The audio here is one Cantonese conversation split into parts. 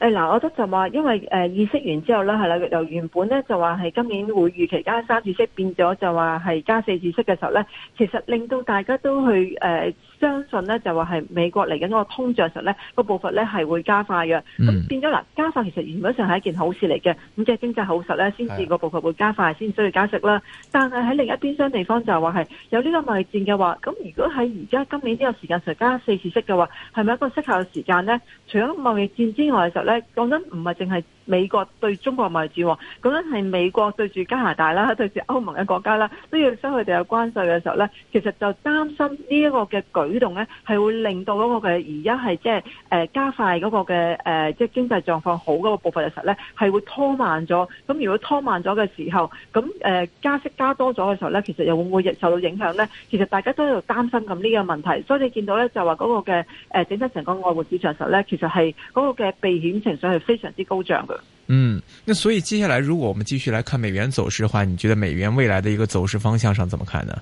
誒、嗯、嗱，我覺得就話，因為、呃、意識完之後咧，係啦，由原本咧就話係今年會預期加三次息，變咗就話係加四次息嘅時候咧，其實令到大家都去、呃相信咧就話係美國嚟緊嗰個通脹實咧個步伐咧係會加快嘅。咁、嗯、變咗嗱加快，其實原本上係一件好事嚟嘅，咁即係經濟好實咧先至個步伐會加快，先需要加息啦。但係喺另一邊廂地方就話係有呢個貿易戰嘅話，咁如果喺而家今年呢個時間上加四次息嘅話，係咪一個適合嘅時間咧？除咗貿易戰之外嘅時候咧，講真唔係淨係。美國對中國貿易戰，咁樣係美國對住加拿大啦，對住歐盟嘅國家啦，都要收佢哋嘅關稅嘅時候呢，其實就擔心呢一個嘅舉動呢，係會令到嗰個嘅而家係即係加快嗰個嘅即係經濟狀況好嗰個部分嘅時候呢，係會拖慢咗。咁如果拖慢咗嘅時候，咁加息加多咗嘅時候呢，其實又會唔會受到影響呢？其實大家都喺度擔心咁呢個問題，所以你見到呢，就話嗰個嘅整親成個外匯市場時候咧，其實係嗰個嘅避險情緒係非常之高漲嘅。嗯，那所以接下來如果我們繼續來看美元走勢的話，你覺得美元未來的一個走勢方向上怎麼看呢？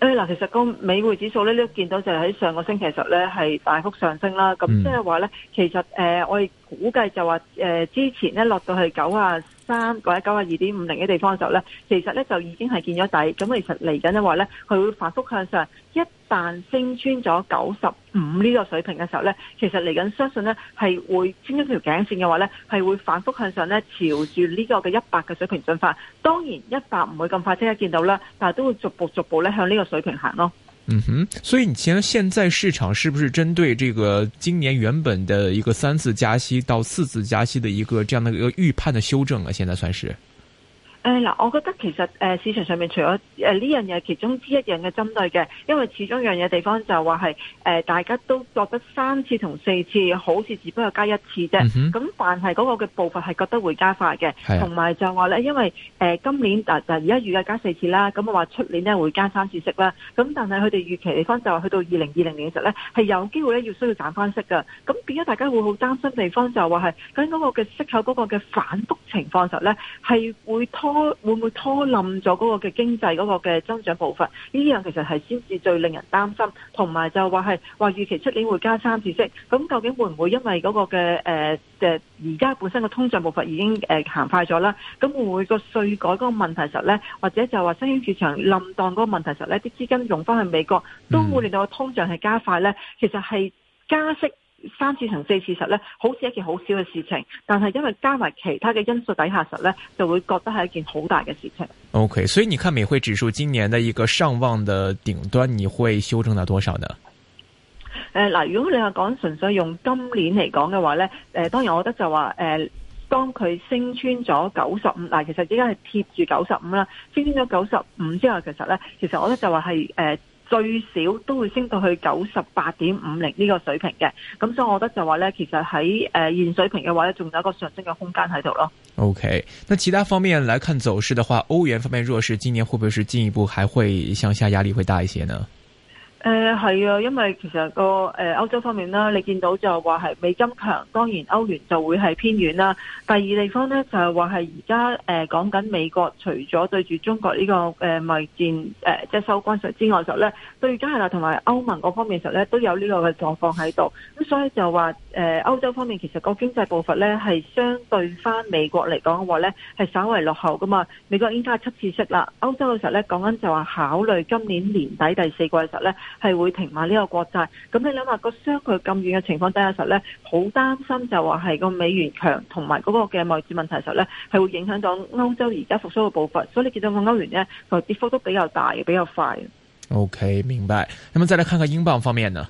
誒嗱，其實個美匯指數呢，都見到就喺上個星期實呢係大幅上升啦。咁即係話呢，其實誒、呃、我哋估計就話誒、呃、之前呢落到去九啊。三或者九啊二點五零嘅地方嘅時候呢，其實呢就已經係見咗底。咁其實嚟緊嘅話呢，佢會反覆向上。一旦升穿咗九十五呢個水平嘅時候呢，其實嚟緊相信呢係會穿穿條頸線嘅話呢，係會反覆向上呢，朝住呢個嘅一百嘅水平進發。當然一百唔會咁快即刻見到啦，但係都會逐步逐步呢向呢個水平行咯。嗯哼，所以你其實現在市場是不是針對這個今年原本的一個三次加息到四次加息的一個這樣的一個預判的修正啊？現在算是。嗱，我覺得其實市場上面除咗誒呢樣嘢，其中之一樣嘅針對嘅，因為始終樣樣嘢地方就話係誒大家都覺得三次同四次好似只不過加一次啫，咁、嗯、但係嗰個嘅步伐係覺得會加快嘅，同埋就話咧，因為誒今年啊而家預計加四次啦，咁我話出年咧會加三次息啦，咁但係佢哋預期地方就話去到二零二零年嘅時候咧，係有機會咧要需要減翻息㗎。咁變咗大家會好擔心地方就話係咁嗰個嘅息口嗰個嘅反覆情況時候咧係會拖。會唔會拖冧咗嗰個嘅經濟嗰個嘅增長步伐？呢樣其實係先至最令人擔心，同埋就話係話預期出年會加三次息，咁究竟會唔會因為嗰、嗰個嘅誒嘅而家本身嘅通脹步伐已經誒、呃、行快咗啦？咁會唔會個稅改嗰個問題實呢？或者就話新興市場冧檔嗰個問題實呢？啲資金用翻去美國，都會令到個通脹係加快呢？其實係加息。三次乘四次實咧，好似一件好小嘅事情，但係因為加埋其他嘅因素底下實咧，就會覺得係一件好大嘅事情。OK，所以你看美匯指數今年嘅一個上望嘅頂端，你會修正到多少呢？誒，嗱，如果你話講純粹用今年嚟講嘅話咧，誒、呃，當然我覺得就話，誒、呃，當佢升穿咗九十五，嗱，其實而家係貼住九十五啦，升穿咗九十五之後，其實咧，其實我覺得就話係，誒、呃。最少都會升到去九十八點五零呢個水平嘅，咁所以我覺得就話呢，其實喺誒、呃、現水平嘅話呢，仲有一個上升嘅空間喺度咯。OK，那其他方面來看走勢的話，歐元方面弱勢，今年會不會是進一步還會向下壓力會大一些呢？誒係啊，因為其實、那個誒、呃、歐洲方面啦，你見到就話係美金強，當然歐元就會係偏軟啦。第二地方呢，就係話係而家誒講緊美國除咗對住中國呢、這個誒貿易戰誒即係收關稅之外，之外時呢，就呢對加拿大同埋歐盟嗰方面實呢都有呢個嘅狀況喺度。咁所以就話誒、呃、歐洲方面其實個經濟步伐呢係相對翻美國嚟講嘅話呢係稍為落後噶嘛。美國已經加七次息啦，歐洲嘅時候呢講緊就話考慮今年年底第四季嘅時候呢。係會停埋呢個國債，咁你諗下個相距咁遠嘅情況底下嘅時候咧，好擔心就話係個美元強同埋嗰個嘅貿易問題嘅時候咧，係會影響到歐洲而家復蘇嘅步伐，所以你見到個歐元咧就跌幅都比較大，比較快。OK，明白。咁再來看看英鎊方面啊。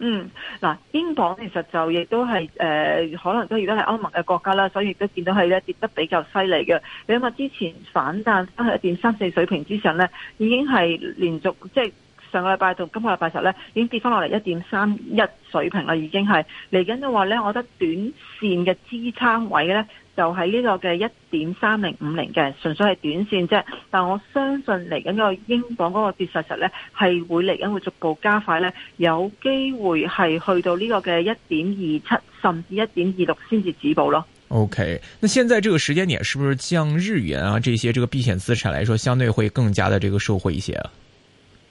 嗯，嗱，英鎊其實就亦都係誒，可能都如果係歐盟嘅國家啦，所以亦都見到係咧跌得比較犀利嘅。你諗下之前反彈喺一點三四水平之上咧，已經係連續即係。上個禮拜到今個禮拜十咧，已經跌翻落嚟一點三一水平啦，已經係嚟緊嘅話咧，我覺得短綫嘅支撐位咧就喺呢個嘅一點三零五零嘅，純粹係短綫啫。但我相信嚟緊個英鎊嗰個跌實實咧，係會嚟緊會逐步加快咧，有機會係去到呢個嘅一點二七甚至一點二六先至止步咯。OK，那現在這個時間點，是不是像日元啊？這些這個避險資產來說，相對會更加的這個受惠一些啊？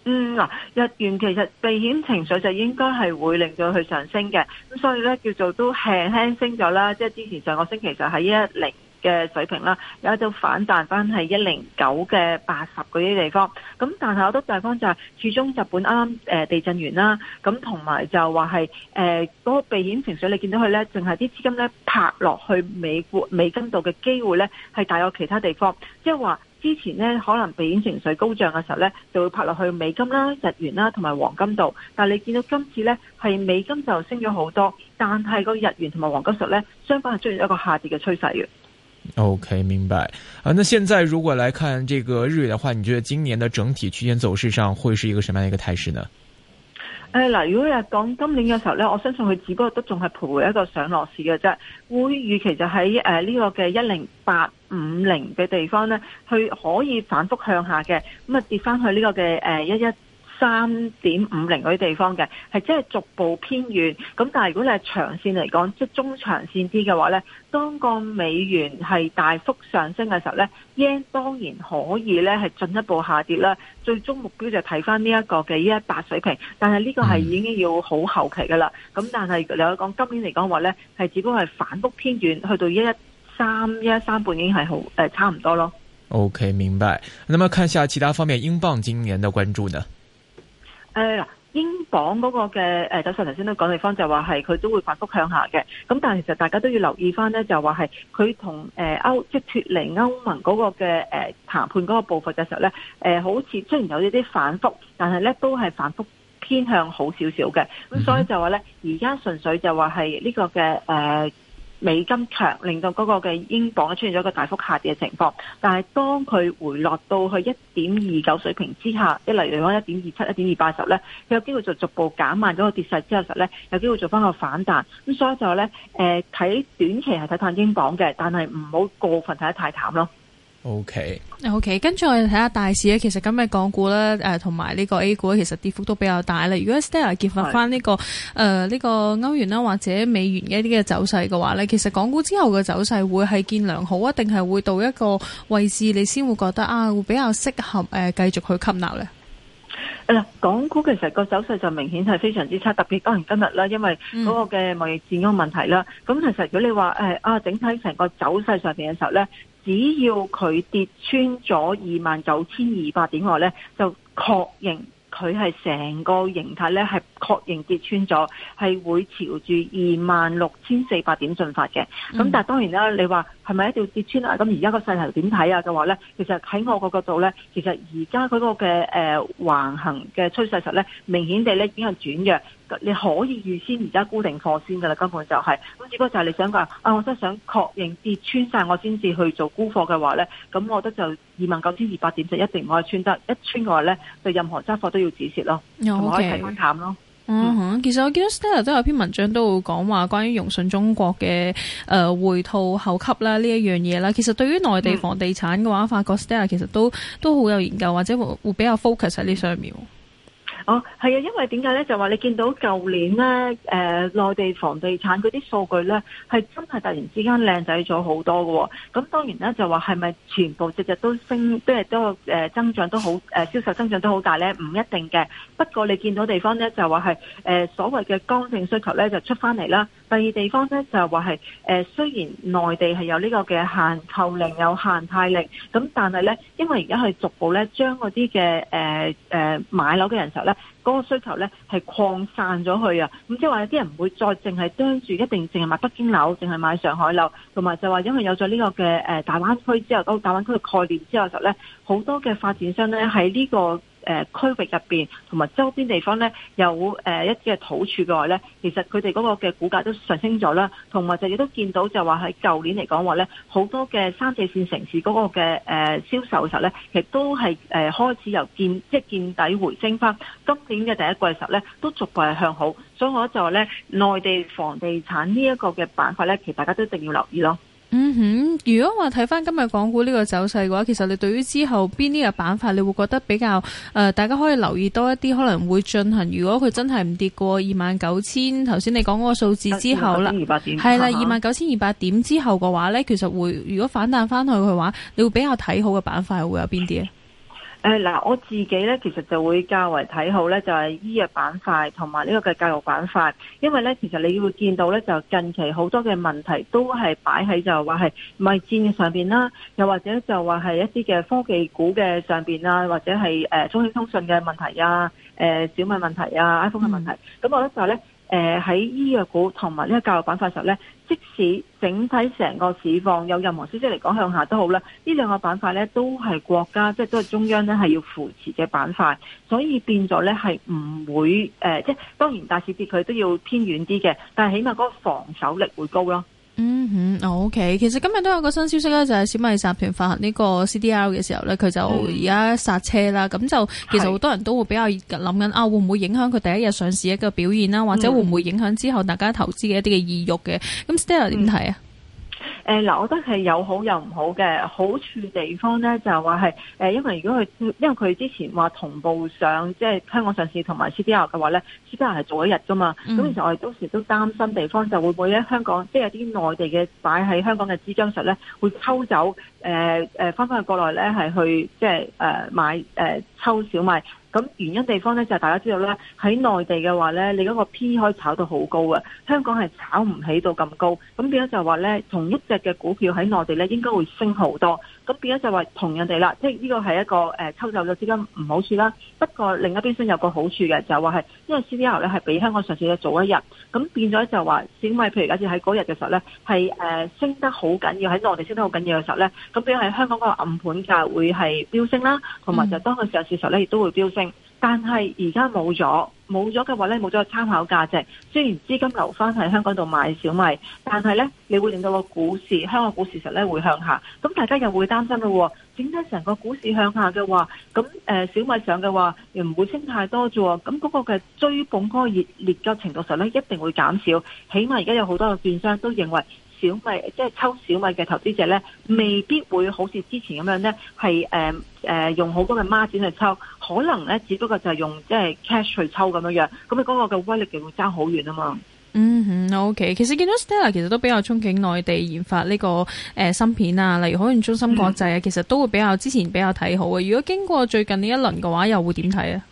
嗯嗱，日元其實避險情緒就應該係會令到佢上升嘅，咁所以咧叫做都輕輕升咗啦，即係之前上個星期就喺一一零嘅水平啦，有一度反彈翻係一零九嘅八十嗰啲地方，咁但係我都大方就係、是，始終日本啱啱地震完啦，咁同埋就話係誒嗰個避險情緒，你見到佢咧，淨係啲資金咧拍落去美國美金度嘅機會咧，係大過其他地方，即係話。之前呢，可能避險情緒高漲嘅時候呢，就會拍落去美金啦、日元啦同埋黃金度。但係你見到今次呢，係美金就升咗好多，但係個日元同埋黃金率呢，相反係出現一個下跌嘅趨勢嘅。OK，明白。啊，那現在如果來看這個日語的話，你覺得今年的整體區間走勢上會是一個什麼樣的一個態勢呢？係啦，如果你講今年嘅時候咧，我相信佢只不過都仲係徘徊一個上落市嘅啫，會預期就喺誒呢個嘅一零八五零嘅地方咧，佢可以反覆向下嘅，咁啊跌翻去呢個嘅誒一一。三點五零嗰啲地方嘅，係即係逐步偏遠咁。但係如果你係長線嚟講，即中長線啲嘅話呢，當個美元係大幅上升嘅時候呢 yen 當然可以呢係進一步下跌啦。最終目標就睇翻呢一個嘅一一八水平，但係呢個係已經要好後期噶啦。咁、嗯、但係另外一講今年嚟講話呢，係只不過係反覆偏遠，去到一一三、一一三半已經係好、呃、差唔多咯。OK，明白。那麼看下其他方面，英鎊今年嘅關注呢？誒，英鎊嗰個嘅誒，走勢頭先都講地方，就話係佢都會反覆向下嘅。咁但係其實大家都要留意返咧，就話係佢同誒歐即脫離歐盟嗰個嘅誒、啊、談判嗰個步伐嘅時候咧，誒、啊、好似雖然有啲啲反覆，但係咧都係反覆偏向好少少嘅。咁所以就話咧，而家純粹就話係呢個嘅誒。啊美金強令到嗰個嘅英鎊出現咗一個大幅下跌嘅情況，但係當佢回落到去一點二九水平之下，即係例如講一點二七、一點二八十咧，佢有機會就逐步減慢咗、那個跌勢之後就咧，有機會做翻個反彈，咁所以就咧誒睇短期係睇淡英鎊嘅，但係唔好過分睇得太淡咯。O K，O K，跟住我哋睇下大市咧。其實今日港股啦誒，同埋呢個 A 股其實跌幅都比較大啦。如果 Stella 結合翻、這、呢個誒呢、呃這個歐元啦，或者美元嘅一啲嘅走勢嘅話呢，其實港股之後嘅走勢會係見良好啊，定係會到一個位置你先會覺得啊，會比較適合誒繼、啊、續去吸納呢誒，港、嗯、股其實個走勢就明顯係非常之差，特別當然今日啦，因為嗰個嘅貿易戰嗰個問題啦。咁、嗯、其實如果你話誒啊，整體成個走勢上邊嘅時候呢。只要佢跌穿咗二萬九千二百點外呢，就確認佢係成個形態呢，係確認跌穿咗，係會朝住二萬六千四百點進發嘅。咁、嗯、但係當然啦，你話。係咪一定要跌穿啊？咁而家個勢頭點睇啊？嘅話咧，其實喺我個角度咧，其實而家佢個嘅誒橫行嘅趨勢實咧，明顯地咧已經係轉弱。你可以預先而家沽定貨先噶啦，根本就係、是、咁。如果就係你想講啊，我真係想確認跌穿晒我先至去做沽貨嘅話咧，咁我覺得就二萬九千二百點就一定唔可以穿得一穿嘅話咧，就任何揸貨都要止蝕咯，唔、okay. 可以睇翻淡咯。Uh -huh. 嗯哼，其實我見到 Stella 都有篇文章都會講話關於融信中國嘅誒回吐後級啦呢一樣嘢啦。其實對於內地房地產嘅話，嗯、發覺 Stella 其實都都好有研究，或者會會比較 focus 喺呢上面。嗯哦，係啊，因為點解咧？就話你見到舊年咧，誒、呃、內地房地產嗰啲數據咧，係真係突然之間靚仔咗好多嘅、哦。咁當然咧，就話係咪全部日日都升，即係都誒、呃、增長都好誒銷售增長都好大咧？唔一定嘅。不過你見到地方咧，就話係誒所謂嘅剛性需求咧，就出翻嚟啦。第二地方咧，就話係誒雖然內地係有呢個嘅限購令、有限貸令，咁但係咧，因為而家係逐步咧將嗰啲嘅誒誒買樓嘅人手咧。嗰個需求呢係擴散咗去啊，咁即係話有啲人唔會再淨係盯住一定淨係買北京樓，淨係買上海樓，同埋就話因為有咗呢個嘅誒大灣區之後，嗰個大灣區嘅概念之後就呢好多嘅發展商呢喺呢個。誒、呃、區域入邊同埋周邊地方咧，有誒、呃、一啲嘅土處嘅話咧，其實佢哋嗰個嘅股價都上升咗啦，同埋就亦都見到就話喺舊年嚟講話咧，好多嘅三四線城市嗰個嘅誒、呃、銷售嘅時候咧，其實都係誒、呃、開始由見即係見底回升翻，今年嘅第一季嘅時候咧，都逐步係向好，所以我就話咧內地房地產呢一個嘅板塊咧，其實大家都一定要留意咯。嗯哼，如果話睇翻今日港股呢個走勢嘅話，其實你對於之後邊啲嘅板塊你會覺得比較誒、呃，大家可以留意多一啲，可能會進行。如果佢真係唔跌過二萬九千，頭先你講嗰個數字之後啦，二百點，係啦，二萬九千二百點之後嘅話呢，其實會，如果反彈翻去嘅話，你會比較睇好嘅板塊會有邊啲啊？ 誒、呃、嗱，我自己咧，其實就會較為睇好咧，就係、是、醫藥板塊同埋呢個嘅教育板塊，因為咧，其實你要見到咧，就近期好多嘅問題都係擺喺就話係貿易戰嘅上邊啦，又或者就話係一啲嘅科技股嘅上邊啦，或者係誒、呃、中興通訊嘅問題啊，誒、呃、小米問題啊，iPhone 嘅問題，咁我覺得就咧，誒、呃、喺醫藥股同埋呢個教育板塊嘅時候咧。即使整體成個市況有任何消息嚟講，向下都好咧，呢兩個板塊咧都係國家即係都係中央咧係要扶持嘅板塊，所以變咗咧係唔會誒、呃，即係當然大市跌佢都要偏遠啲嘅，但係起碼嗰個防守力會高咯。嗯哼，o、OK、k 其實今日都有個新消息咧，就係、是、小米集團發行呢個 CDR 嘅時候咧，佢就而家剎車啦。咁、嗯、就其實好多人都會比較諗緊啊，會唔會影響佢第一日上市一個表現啦，或者會唔會影響之後大家投資嘅一啲嘅意欲嘅？咁 Stella 點睇啊？嗯誒、呃、嗱，我覺得係有好有唔好嘅。好處地方咧就係話係誒，因為如果佢因為佢之前話同步上即係香港上市同埋 CDR 嘅話咧，CDR 係做一日㗎嘛。咁其實我哋當時都擔心地方就會唔會喺香港，即係有啲內地嘅擺喺香港嘅資倉實咧，會抽走誒誒翻返去國內咧，係去即係誒、呃、買誒、呃、抽小米。咁原因地方咧就係大家知道咧，喺內地嘅話咧，你嗰個 P 可以炒到好高嘅，香港係炒唔起到咁高。咁變咗就話咧，同一隻嘅股票喺內地咧應該會升好多。咁變咗就話同人哋啦，即係呢個係一個誒、呃、抽走咗資金唔好處啦。不過另一邊先有個好處嘅就係話係因為 CPR 呢咧係比香港上市嘅早一日，咁變咗就話小米譬如假設喺嗰日嘅時候咧係，誒升得好緊要，喺內地升得好緊要嘅時候咧，咁變咗喺香港個暗盤價會係飆升啦，同埋就當佢上市時候咧亦都會飆升。嗯但係而家冇咗，冇咗嘅話呢，冇咗個參考價值。雖然資金留翻喺香港度買小米，但係呢，你會令到個股市香港股市實呢會向下。咁大家又會擔心咯。整體成個股市向下嘅話，咁誒小米上嘅話又唔會升太多啫。咁嗰個嘅追捧嗰個熱烈嘅程度上呢，一定會減少。起碼而家有好多嘅券商都認為。小米即係抽小米嘅投資者咧，未必會好似之前咁樣咧，係誒誒用好多嘅孖展去抽，可能咧只不過就係用即係 cash 去抽咁樣樣，咁你嗰個嘅威力就會爭好遠啊嘛。嗯，嗯 okay。其實見到 Stella 其實都比較憧憬內地研發呢、這個誒、呃、芯片啊，例如可能中芯國際啊、嗯，其實都會比較之前比較睇好嘅。如果經過最近呢一輪嘅話，又會點睇啊？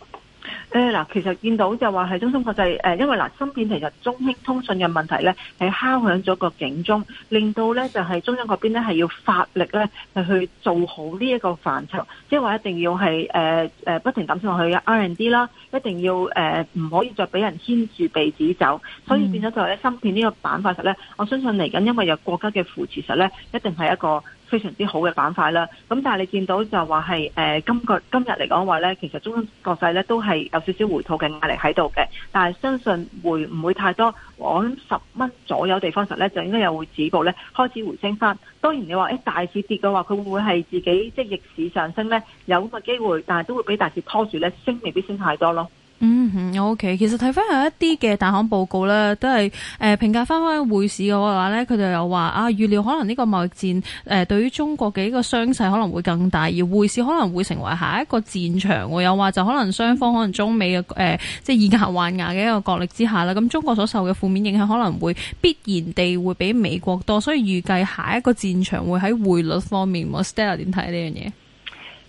誒嗱，其實見到就話係中芯國際誒，因為嗱，芯片，其實中興通訊嘅問題咧，係敲響咗個警鐘，令到咧就係中芯嗰邊咧係要發力咧，係去做好呢一個範疇，即係話一定要係誒誒不停抌上落去 R&D 啦，一定要誒唔可以再俾人牽住鼻子走，所以變咗就係芯片呢個板塊實咧，我相信嚟緊因為有國家嘅扶持實，實咧一定係一個。非常之好嘅板塊啦，咁但係你見到就話係誒今個今日嚟講嘅話呢，其實中國勢呢都係有少少回吐嘅壓力喺度嘅，但係相信會唔會太多？我諗十蚊左右嘅地方實呢？就應該又會止步呢開始回升返。當然你話誒、欸、大市跌嘅話，佢會唔會係自己即係逆市上升呢？有咁嘅機會，但係都會俾大市拖住呢，升未必升太多咯。嗯，OK，其實睇翻有一啲嘅大行報告咧，都係誒評價翻翻匯市嘅話咧，佢就有話啊，預料可能呢個貿易戰誒對於中國嘅呢個傷勢可能會更大，而匯市可能會成為下一個戰場。又話就可能雙方可能中美嘅誒、呃，即係以牙還牙嘅一個角力之下啦，咁中國所受嘅負面影響可能會必然地會比美國多，所以預計下一個戰場會喺匯率方面。我 Stella 點睇呢樣嘢？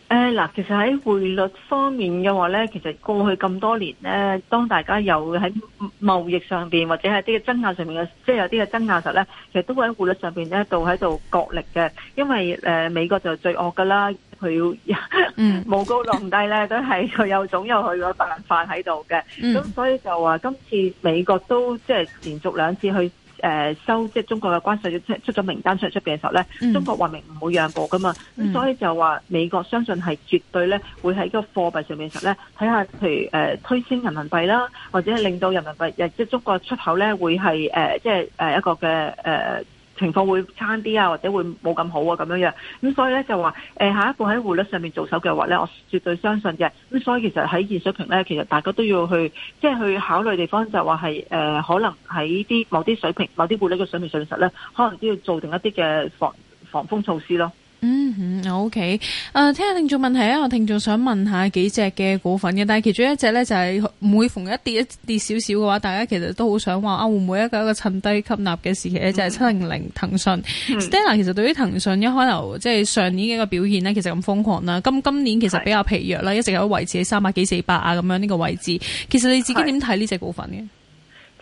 誒嗱，其實喺匯率方面嘅話咧，其實過去咁多年咧，當大家又喺貿易上邊或者係啲嘅爭拗上面，嘅，即係有啲嘅爭拗時咧，其實都會喺匯率上邊咧，度喺度角力嘅。因為誒美國就最惡噶啦，佢冇 高隆低咧，都係佢有總有佢嘅辦法喺度嘅。咁、嗯、所以就話今次美國都即係連續兩次去。誒、呃，收即係中國嘅關稅，出咗名單嚟出邊嘅時候咧、嗯，中國話明唔會讓步噶嘛，咁、嗯、所以就話美國相信係絕對咧會喺個貨幣上面嘅時候咧睇下，譬如誒、呃、推升人民幣啦，或者係令到人民幣，即、就、係、是、中國出口咧會係誒，即係誒一個嘅誒。呃情況會差啲啊，或者會冇咁好啊，咁樣樣咁，所以咧就話誒，下一步喺護率上面做手嘅話咧，我絕對相信嘅。咁所以其實喺現水平咧，其實大家都要去即係、就是、去考慮地方就是是，就話係可能喺啲某啲水平、某啲匯率嘅水平上實咧，可能都要做定一啲嘅防防風措施咯。嗯，嗯，OK。誒、呃，聽下聽眾問題啊！我聽眾想問下幾隻嘅股份嘅，但係其中一隻呢，就係、是、每逢一跌一跌少少嘅話，大家其實都好想話啊，會唔會一個一個趁低吸納嘅時期呢？就係七零零騰訊。Stella 其實對於騰訊一開頭即係上年嘅一個表現呢，其實咁瘋狂啦。今今年其實比較疲弱啦，一直有維持喺三百幾四百啊咁樣呢個位置。其實你自己點睇呢隻股份嘅？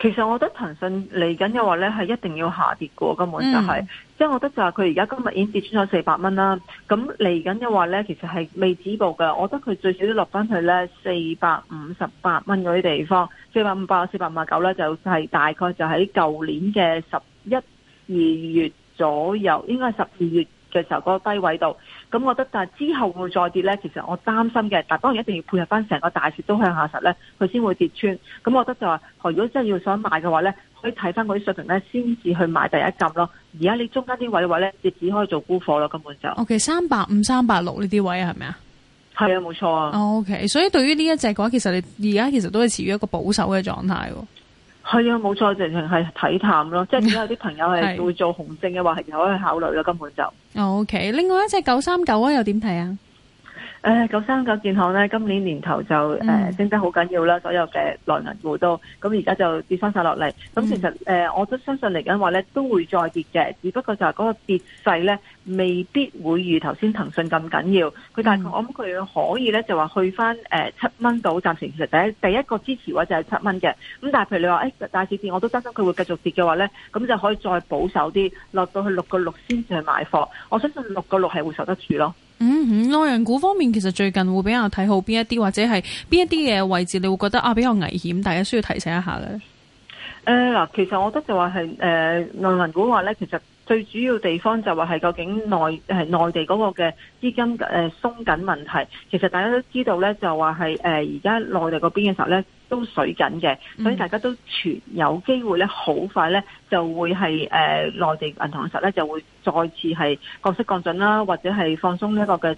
其實我覺得騰訊嚟緊嘅話呢，係一定要下跌嘅，根本就係、嗯。即係我覺得就係佢而家今日已經跌穿咗四百蚊啦，咁嚟緊嘅話咧，其實係未止步嘅。我覺得佢最少都落翻去咧四百五十八蚊嗰啲地方，四百五百啊，四百五十九咧就係、是、大概就喺舊年嘅十一二月左右，應該係十二月嘅時候嗰個低位度。咁我覺得但係之後會再跌咧，其實我擔心嘅。但當然一定要配合翻成個大市都向下實咧，佢先會跌穿。咁我覺得就係、是，如果真係要想買嘅話咧。可以睇翻嗰啲水平咧，先至去買第一級咯。而家你中間啲位嘅話咧，你只可以做沽貨咯，根本就。O K. 三百五、三百六呢啲位係咪啊？係啊，冇錯啊。O K. 所以對於呢一隻嘅話，其實你而家其實都係持於一個保守嘅狀態。係啊，冇錯，直情係睇淡咯。即係點解，有啲朋友係會做紅證嘅話，係可以考慮咯，根本就。O K. 另外一隻九三九啊，又點睇啊？九三九建行咧，今年年頭就誒升、嗯呃、得好緊要啦，所有嘅內銀股都咁，而家就跌翻曬落嚟。咁、嗯、其實誒、呃、我都相信嚟緊話咧，都會再跌嘅，只不過就係嗰個跌勢咧，未必會如頭先騰訊咁緊要。佢大概、嗯、我諗佢可以咧，就話去翻七蚊到，暫時其實第一第一個支持位就係七蚊嘅。咁但係譬如你話誒、哎、大市跌，我都擔心佢會繼續跌嘅話咧，咁就可以再保守啲，落到去六個六先至去買貨。我相信六個六係會受得住咯。嗯嗯，內人股方面其實最近會比較睇好邊一啲，或者係邊一啲嘅位置，你會覺得啊比較危險，大家需要提醒一下嘅？誒、呃、嗱，其實我覺得就話係呃、內話係誒內人股話咧，其實。最主要地方就話係究竟內係內地嗰個嘅資金鬆鬆緊問題，其實大家都知道咧，就話係而家內地嗰邊嘅時候咧都水緊嘅，嗯，所以大家都存有機會咧，好快咧就會係、呃、內地銀行嘅時候咧就會再次係降息降準啦，或者係放鬆呢一個嘅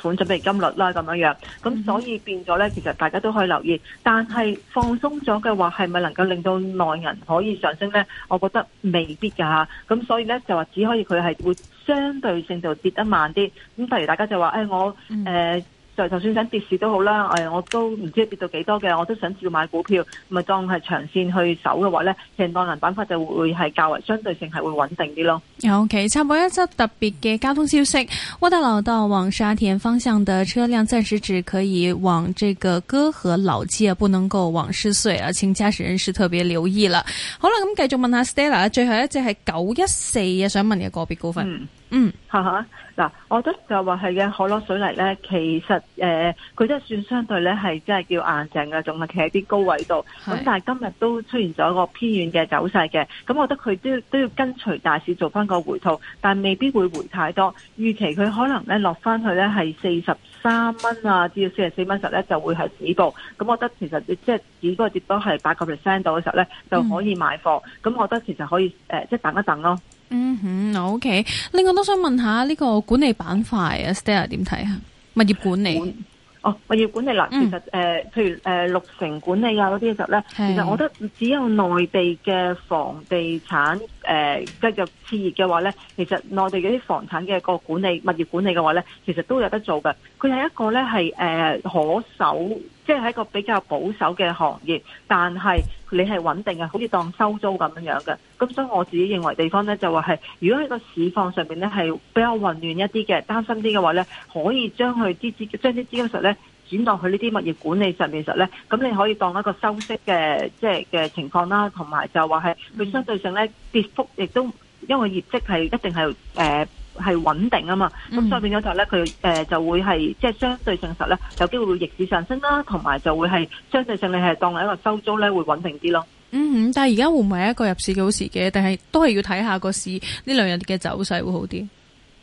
款準備金率啦咁樣樣，咁所以變咗呢。其實大家都可以留意。但係放鬆咗嘅話，係咪能夠令到內銀可以上升呢？我覺得未必㗎。咁所以呢，就話只可以佢係會相對性就跌得慢啲。咁譬如大家就話，誒、哎、我誒。嗯就就算想跌市都好啦，誒、哎，我都唔知跌到幾多嘅，我都想照買股票，咪當係長線去守嘅話呢，成當輪板塊就會係較為相對性係會穩定啲咯。有、okay，差插播一則特別嘅交通消息：，窩打老道往沙田方向嘅車輛暫時只可以往這個歌和老街，不能夠往石水啊，請駕駛人士特別留意啦。好啦，咁繼續問下 Stella，最後一隻係九一四啊，想問你個別股份。嗯 嗯，吓吓嗱，我覺得就話係嘅，海螺水泥咧，其實誒，佢、呃、都算相對咧係即係叫硬淨嘅，仲係企喺啲高位度。咁但係今日都出現咗一個偏軟嘅走勢嘅，咁我覺得佢都要都要跟隨大市做翻個回吐，但係未必會回太多。預期佢可能咧落翻去咧係四十三蚊啊，至到四十四蚊時咧就會係止步。咁我覺得其實即係止嗰個跌多係八個 percent 度嘅時候咧就可以買貨。咁、嗯、我覺得其實可以誒、呃，即係等一等咯。嗯哼，OK。另外都想問一下呢個管理板塊啊，Stella 點睇啊？物業管理，管哦，物業管理嗱、嗯，其實誒、呃，譬如誒、呃、綠城管理啊嗰啲嘅時候咧，其實我覺得只有內地嘅房地產。誒、呃、繼續置業嘅話咧，其實內地嗰啲房產嘅個管理、物業管理嘅話咧，其實都有得做嘅。佢係一個咧係誒可守，即係係一個比較保守嘅行業，但係你係穩定嘅，好似當收租咁樣樣嘅。咁所以我自己認為地方咧就話係，如果喺個市況上邊咧係比較混亂一啲嘅，擔心啲嘅話咧，可以將佢啲資將啲資金實咧。轉落去呢啲物業管理上面實咧，咁你可以當一個收息嘅即係嘅情況啦，同埋就話係佢相對性咧跌幅亦都因為業績係一定係誒係穩定啊嘛，咁再變咗就咧佢誒就會係即係相對性實咧有機會會逆市上升啦，同埋就會係相對性你係當係一個收租咧會穩定啲咯。嗯嗯，但係而家會唔會係一個入市嘅好時嘅，但係都係要睇下個市呢兩日嘅走勢會好啲。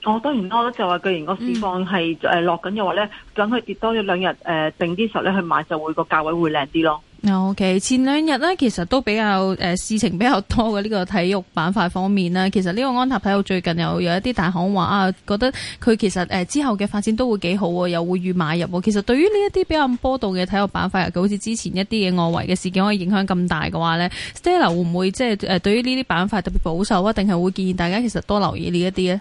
哦、我都唔、嗯、多、呃，就話，既然個市況係誒落緊嘅話咧，等佢跌多咗兩日誒，定啲時候咧去買就會個價位會靚啲咯。OK，前兩日咧其實都比較誒、呃、事情比較多嘅呢、這個體育板塊方面啦。其實呢個安踏體育最近又有一啲大行話啊，覺得佢其實誒、呃、之後嘅發展都會幾好喎，又會預買入喎。其實對於呢一啲比較波動嘅體育板塊，好似之前一啲嘅外圍嘅事件可以影響咁大嘅話咧，Stella 會唔會即係誒對於呢啲板塊特別保守啊？定係會建議大家其實多留意呢一啲咧？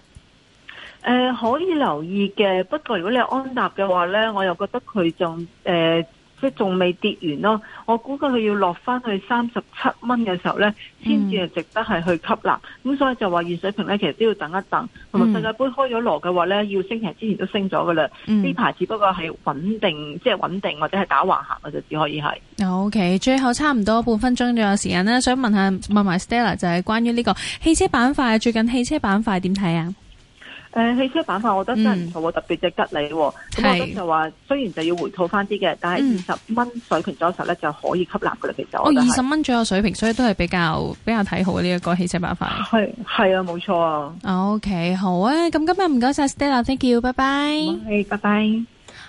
誒、呃，可以留意嘅。不過如果你係安踏嘅話咧，我又覺得佢仲誒，即係仲未跌完咯。我估計佢要落翻去三十七蚊嘅時候咧，先至係值得係去吸納。咁、嗯、所以就話現水平咧，其實都要等一等。同、嗯、埋世界杯開咗鑼嘅話咧，要星期之前都升咗噶啦。呢、嗯、排只不過係穩定，即係穩定或者係打橫行嘅，就只可以係。O、okay, K，最後差唔多半分鐘仲有時間啦，想問下問埋 Stella，就係關於呢、這個汽車板塊最近汽車板塊點睇啊？誒，汽車板塊我覺得真係唔錯，我、嗯、特別隻吉利喎。咁我覺得就話，雖然就要回吐翻啲嘅，但係二十蚊水平左右咧就可以吸納佢啦。其、哦、實我二十蚊左右水平，所以都係比較比較睇好呢一個汽車板塊。係係啊，冇錯啊。OK，好啊。咁今日唔該晒 Stella，Thank you，拜拜。拜拜。